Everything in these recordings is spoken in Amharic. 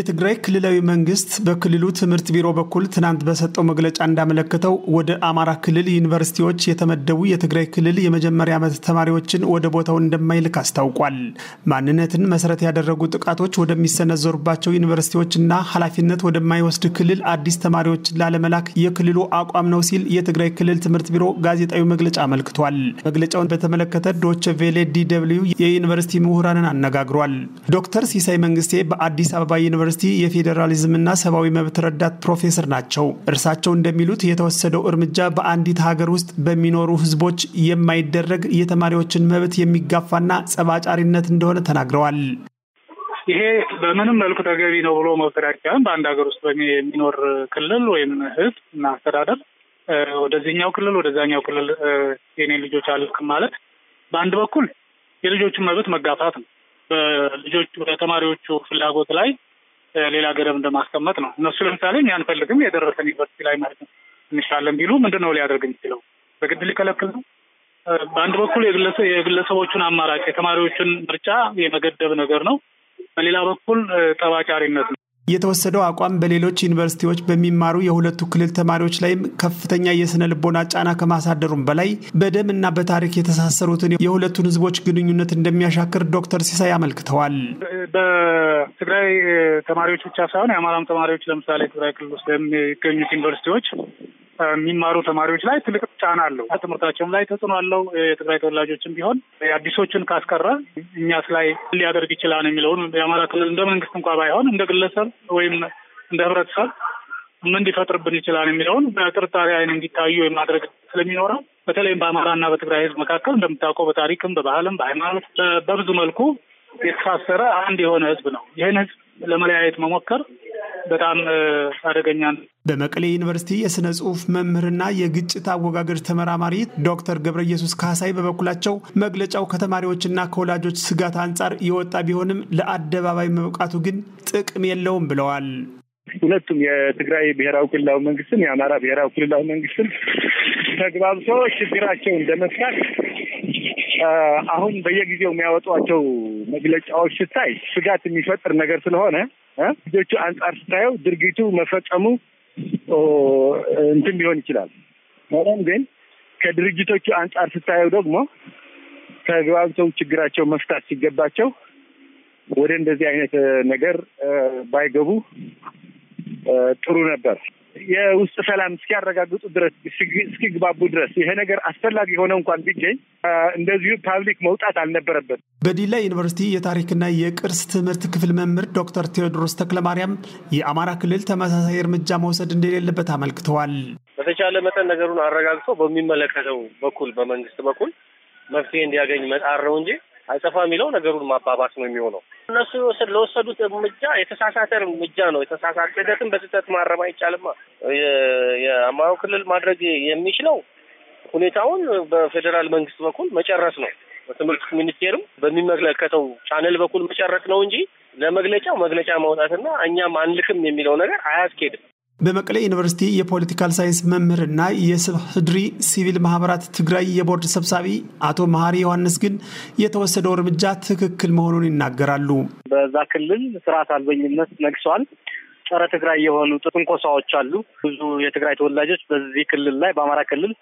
የትግራይ ክልላዊ መንግስት በክልሉ ትምህርት ቢሮ በኩል ትናንት በሰጠው መግለጫ እንዳመለከተው ወደ አማራ ክልል ዩኒቨርሲቲዎች የተመደቡ የትግራይ ክልል የመጀመሪያ ዓመት ተማሪዎችን ወደ ቦታው እንደማይልክ አስታውቋል። ማንነትን መሰረት ያደረጉ ጥቃቶች ወደሚሰነዘሩባቸው ዩኒቨርሲቲዎችና ኃላፊነት ወደማይወስድ ክልል አዲስ ተማሪዎችን ላለመላክ የክልሉ አቋም ነው ሲል የትግራይ ክልል ትምህርት ቢሮ ጋዜጣዊ መግለጫ አመልክቷል። መግለጫውን በተመለከተ ዶቼ ቬሌ ዲ ደብልዩ የዩኒቨርሲቲ ምሁራንን አነጋግሯል። ዶክተር ሲሳይ መንግስቴ በአዲስ አበባ ዩኒቨርሲቲ ዩኒቨርሲቲ የፌዴራሊዝምና ሰብአዊ መብት ረዳት ፕሮፌሰር ናቸው። እርሳቸው እንደሚሉት የተወሰደው እርምጃ በአንዲት ሀገር ውስጥ በሚኖሩ ህዝቦች የማይደረግ የተማሪዎችን መብት የሚጋፋና ጸባጫሪነት እንደሆነ ተናግረዋል። ይሄ በምንም መልኩ ተገቢ ነው ብሎ መውሰድ አይቻልም። በአንድ ሀገር ውስጥ የሚኖር ክልል ወይም ህዝብ እና አስተዳደር ወደዚህኛው ክልል ወደዛኛው ክልል የኔ ልጆች አልክም ማለት በአንድ በኩል የልጆቹን መብት መጋፋት ነው። በልጆቹ በተማሪዎቹ ፍላጎት ላይ ሌላ ገደብ እንደማስቀመጥ ነው። እነሱ ለምሳሌ እኛ አንፈልግም የደረሰን ዩኒቨርሲቲ ላይ ማለት ነው እንሻለን ቢሉ ምንድን ነው ሊያደርግ የሚችለው? በግድ ሊከለክል ነው? በአንድ በኩል የግለሰቦቹን አማራጭ የተማሪዎቹን ምርጫ የመገደብ ነገር ነው። በሌላ በኩል ጠባጫሪነት ነው። የተወሰደው አቋም በሌሎች ዩኒቨርሲቲዎች በሚማሩ የሁለቱ ክልል ተማሪዎች ላይም ከፍተኛ የስነ ልቦና ጫና ከማሳደሩም በላይ በደም እና በታሪክ የተሳሰሩትን የሁለቱን ሕዝቦች ግንኙነት እንደሚያሻክር ዶክተር ሲሳይ አመልክተዋል። በትግራይ ተማሪዎች ብቻ ሳይሆን የአማራም ተማሪዎች ለምሳሌ ትግራይ ክልል ውስጥ የሚገኙት ዩኒቨርሲቲዎች የሚማሩ ተማሪዎች ላይ ትልቅ ጫና አለው። ትምህርታቸውም ላይ ተጽዕኖ አለው። የትግራይ ተወላጆችም ቢሆን አዲሶችን ካስቀረ እኛስ ላይ ሊያደርግ ይችላል የሚለውን የአማራ ክልል እንደ መንግስት እንኳ ባይሆን እንደ ግለሰብ ወይም እንደ ህብረተሰብ ምን ሊፈጥርብን ይችላል የሚለውን በጥርጣሬ አይን እንዲታዩ የማድረግ ስለሚኖረው በተለይም በአማራና በትግራይ ህዝብ መካከል እንደምታውቀው በታሪክም፣ በባህልም፣ በሃይማኖት በብዙ መልኩ የተሳሰረ አንድ የሆነ ህዝብ ነው። ይህን ህዝብ ለመለያየት መሞከር በጣም አደገኛ ነው። በመቀሌ ዩኒቨርሲቲ የሥነ ጽሁፍ መምህርና የግጭት አወጋገድ ተመራማሪ ዶክተር ገብረ ኢየሱስ ካሳይ በበኩላቸው መግለጫው ከተማሪዎችና ከወላጆች ስጋት አንጻር የወጣ ቢሆንም ለአደባባይ መብቃቱ ግን ጥቅም የለውም ብለዋል። ሁለቱም የትግራይ ብሔራዊ ክልላዊ መንግስትም የአማራ ብሔራዊ ክልላዊ መንግስትም ተግባብቶ ችግራቸውን ለመፍታት አሁን በየጊዜው የሚያወጧቸው መግለጫዎች ስታይ ስጋት የሚፈጥር ነገር ስለሆነ ልጆቹ አንጻር ስታየው ድርጊቱ መፈጸሙ እንትን ሊሆን ይችላል። ሆኖም ግን ከድርጅቶቹ አንጻር ስታየው ደግሞ ተግባብተው ችግራቸው መፍታት ሲገባቸው ወደ እንደዚህ አይነት ነገር ባይገቡ ጥሩ ነበር። የውስጥ ሰላም እስኪያረጋግጡ ድረስ እስኪግባቡ ድረስ ይሄ ነገር አስፈላጊ የሆነ እንኳን ቢገኝ እንደዚሁ ፓብሊክ መውጣት አልነበረበትም። በዲላ ዩኒቨርሲቲ የታሪክና የቅርስ ትምህርት ክፍል መምህር ዶክተር ቴዎድሮስ ተክለማርያም የአማራ ክልል ተመሳሳይ እርምጃ መውሰድ እንደሌለበት አመልክተዋል። በተቻለ መጠን ነገሩን አረጋግጦ በሚመለከተው በኩል በመንግስት በኩል መፍትሄ እንዲያገኝ መጣር ነው እንጂ አይጠፋ የሚለው ነገሩን ማባባስ ነው የሚሆነው። እነሱ ለወሰዱት እርምጃ የተሳሳተ እርምጃ ነው። የተሳሳተ ስህተትን በስህተት ማረም አይቻልማ። የአማራው ክልል ማድረግ የሚችለው ሁኔታውን በፌዴራል መንግስት በኩል መጨረስ ነው። በትምህርት ሚኒስቴርም በሚመለከተው ቻነል በኩል መጨረስ ነው እንጂ ለመግለጫው መግለጫ ማውጣትና እኛም አንልክም የሚለው ነገር አያስኬድም። በመቀሌ ዩኒቨርሲቲ የፖለቲካል ሳይንስ መምህርና የስብ ህድሪ ሲቪል ማህበራት ትግራይ የቦርድ ሰብሳቢ አቶ መሀሪ ዮሐንስ ግን የተወሰደው እርምጃ ትክክል መሆኑን ይናገራሉ። በዛ ክልል ስርዓት አልበኝነት ነግሷል። ጸረ ትግራይ የሆኑ ትንኮሳዎች አሉ። ብዙ የትግራይ ተወላጆች በዚህ ክልል ላይ በአማራ ክልል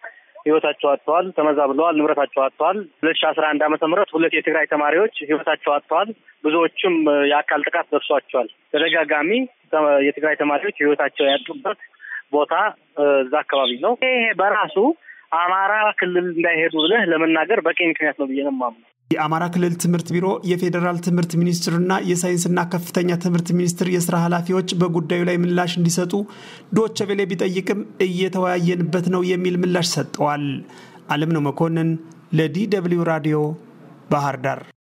ህይወታቸው አጥተዋል፣ ተመዛብለዋል፣ ንብረታቸው አጥተዋል። ሁለት ሺ አስራ አንድ አመተ ምህረት ሁለት የትግራይ ተማሪዎች ህይወታቸው አጥተዋል። ብዙዎችም የአካል ጥቃት ደርሷቸዋል። ተደጋጋሚ የትግራይ ተማሪዎች ህይወታቸው ያጡበት ቦታ እዛ አካባቢ ነው። ይሄ በራሱ አማራ ክልል እንዳይሄዱ ብለህ ለመናገር በቂ ምክንያት ነው ብዬ ነው የማምነው። የአማራ ክልል ትምህርት ቢሮ፣ የፌዴራል ትምህርት ሚኒስትርና የሳይንስና ከፍተኛ ትምህርት ሚኒስትር የስራ ኃላፊዎች በጉዳዩ ላይ ምላሽ እንዲሰጡ ዶቼ ቬለ ቢጠይቅም እየተወያየንበት ነው የሚል ምላሽ ሰጠዋል አለም ነው መኮንን ለዲ ደብልዩ ራዲዮ ባህር ዳር